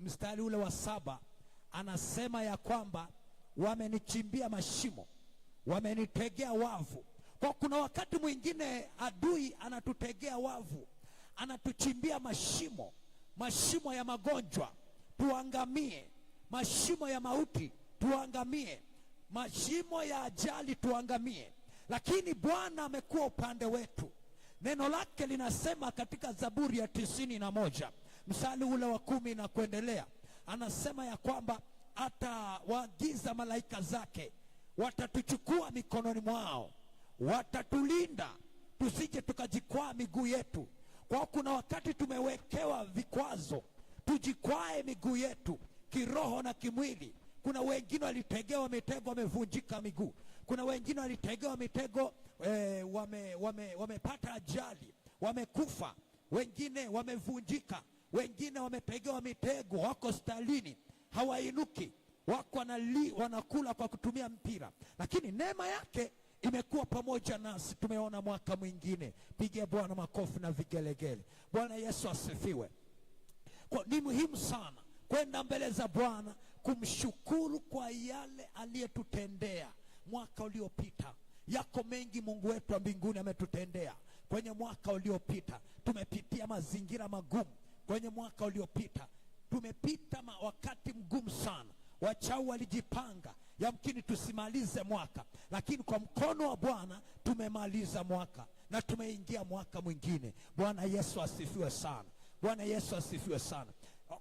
mstari ule wa saba anasema ya kwamba wamenichimbia mashimo, wamenitegea wavu. Kwa kuna wakati mwingine adui anatutegea wavu, anatuchimbia mashimo, mashimo ya magonjwa tuangamie, mashimo ya mauti tuangamie, mashimo ya ajali tuangamie, lakini Bwana amekuwa upande wetu. Neno lake linasema katika Zaburi ya tisini na moja msali ule wa kumi na kuendelea, anasema ya kwamba atawaagiza malaika zake, watatuchukua mikononi mwao, watatulinda tusije tukajikwaa miguu yetu. Kwa kuna wakati tumewekewa vikwazo, tujikwae miguu yetu kiroho na kimwili. Kuna wengine walitegewa mitego wamevunjika miguu. Kuna wengine walitegewa mitego e, wame, wame, wamepata ajali, wamekufa. Wengine wamevunjika wengine wamepegewa mitego, wako stalini, hawainuki, wako wanali, wanakula kwa kutumia mpira, lakini neema yake imekuwa pamoja nasi. Tumeona mwaka mwingine, pigia Bwana makofi na vigelegele. Bwana Yesu asifiwe. Kwa, ni muhimu sana kwenda mbele za Bwana kumshukuru kwa yale aliyetutendea mwaka uliopita. Yako mengi Mungu wetu wa mbinguni ametutendea kwenye mwaka uliopita. Tumepitia mazingira magumu, kwenye mwaka uliopita. Tumepita wakati mgumu sana, wachau walijipanga yamkini tusimalize mwaka, lakini kwa mkono wa Bwana tumemaliza mwaka na tumeingia mwaka mwingine. Bwana Yesu asifiwe sana. Bwana Yesu asifiwe sana.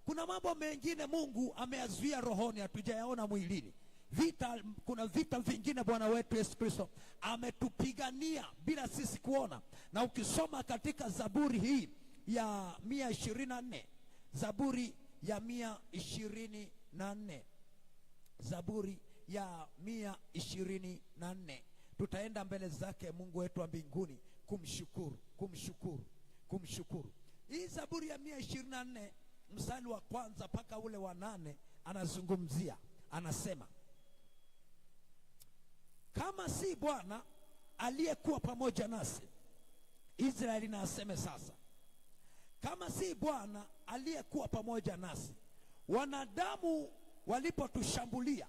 Kuna mambo mengine Mungu ameyazuia rohoni, hatujayaona mwilini. Vita, kuna vita vingine Bwana wetu Yesu Kristo ametupigania bila sisi kuona, na ukisoma katika Zaburi hii ya mia ishirini na nne Zaburi ya mia ishirini na nne Zaburi ya mia ishirini na nne Tutaenda mbele zake Mungu wetu wa mbinguni kumshukuru, kumshukuru, kumshukuru. Hii Zaburi ya mia ishirini na nne mstari wa kwanza mpaka ule wa nane anazungumzia, anasema kama si Bwana aliyekuwa pamoja nasi, Israeli na aseme sasa kama si Bwana aliyekuwa pamoja nasi. Wanadamu walipotushambulia,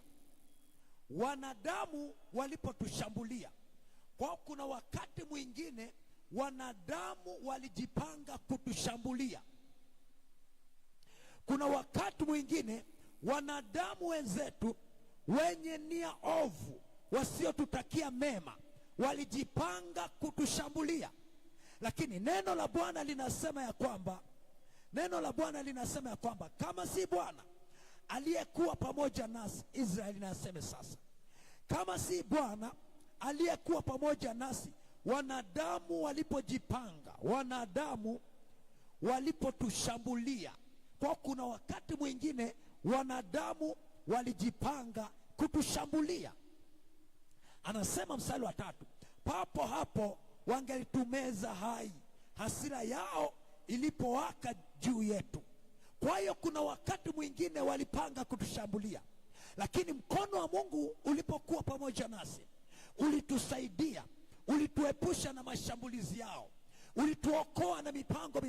wanadamu walipotushambulia, kwa kuna wakati mwingine wanadamu walijipanga kutushambulia. Kuna wakati mwingine wanadamu wenzetu wenye nia ovu wasiotutakia mema walijipanga kutushambulia. Lakini neno la Bwana linasema ya kwamba neno la Bwana linasema ya kwamba kama si Bwana aliyekuwa pamoja nasi, Israeli naseme sasa, kama si Bwana aliyekuwa pamoja nasi, wanadamu walipojipanga, wanadamu walipotushambulia, kwa kuna wakati mwingine wanadamu walijipanga kutushambulia. Anasema mstari wa tatu, papo hapo wangelitumeza hai hasira yao ilipowaka juu yetu. Kwa hiyo kuna wakati mwingine walipanga kutushambulia, lakini mkono wa Mungu ulipokuwa pamoja nasi ulitusaidia, ulituepusha na mashambulizi yao, ulituokoa na mipango